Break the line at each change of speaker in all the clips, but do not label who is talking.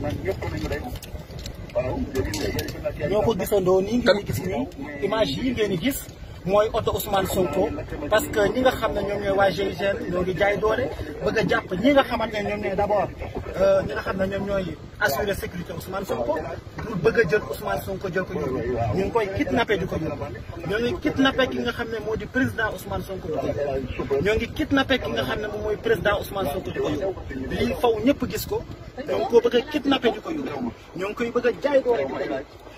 ndax man ñëpp nañu rek waaw. ñoo ko gisandoo nii ngeen gis nii image yi ngeen gis. moy auto Ousmane Sonko parce que ñi nga xamne ñom ñoy wa GIGN ñoo di jaay doole bëgg japp ñi nga xamantene ñom ñoy d'abord euh ñi nga xamne ñom ñoy assurer sécurité Ousmane Sonko du bëgg jël Ousmane Sonko jël ko ñu ñu koy kidnapper diko ñu ñoo ngi kidnapper ki nga xamne mo di président Ousmane Sonko ñoo ngi kidnapper ki nga xamne mo moy président Ousmane Sonko diko ñu li faw ñepp gis ko ñoo ko bëgg kidnapper diko ñu ñoo koy bëgg jaay doole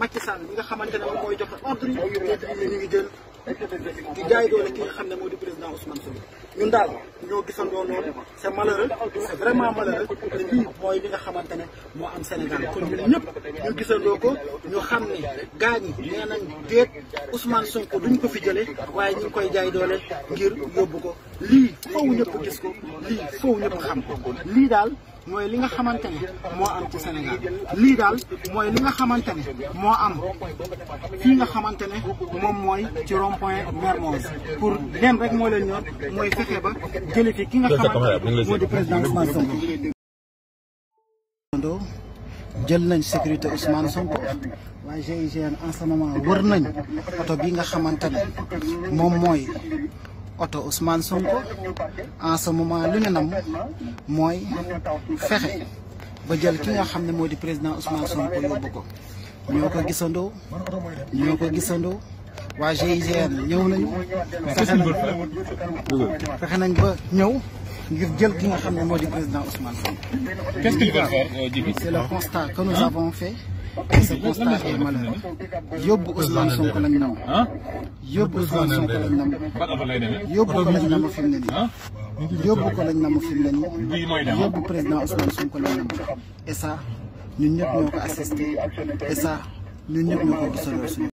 Macky Sall bi nga xamante ne moom mooy joxe ordre yi ñu ngi jël di jaay doole ki nga xam ne moo di président Ousmane Sonko ñun daal ñoo gisandoo loolu c' est malheureux c' est vraiment malheureux te mooy li nga xamante ne moo am Sénégal kon ñun ñëpp ñu gisandoo ko ñu xam ne gaañ yi nee nañ déet Ousmane Sonko duñ ko fi jëlee waaye ñu ngi koy jaay doole ngir yóbbu ko lii foofu ñëpp gis ko lii foofu ñëpp xam ko lii daal. mooy li nga xamante ne moo am ci Sénégal lii daal mooy li nga xamante ne moo am fii nga xamante ne moom mooy ci rond point Mermoz pour leen rek moo leen ñor mooy fexe ba jëlee fi ki nga xamante ne moo di président Ousmane Sonko jël nañ sécurité Ousmane Sonko waaye GIGN en ce moment wër nañ oto bi nga xamante moom mooy oto Ousmane Sonko en ce moment lu ñu nam moy fexe ba jël ki nga xam modi président Ousmane Sonko yóbbu ko ñoo ko gisandoo ñoo ko gisandoo waa GIGN ñew nañu fexe nañ fexe nañ ba ñëw ngir jël ki nga xam modi président Ousmane Sonko.
Qu'est-ce qu'il va faire, euh, Djiby? C'est le
constat que nous avons fait. et ce constat est malheureux yóbbu Ousmane Sonko lañ nam ah? yóbbu yóbbu ko lañ nam fi mu ne nii yóbbu ko lañ nam fi mu ne nii yóbbu président Ousmane Sonko lañ nam et ça ñun ñëpp ñoo ko assisté et ça ñëpp ñoo ko gisaloon suñu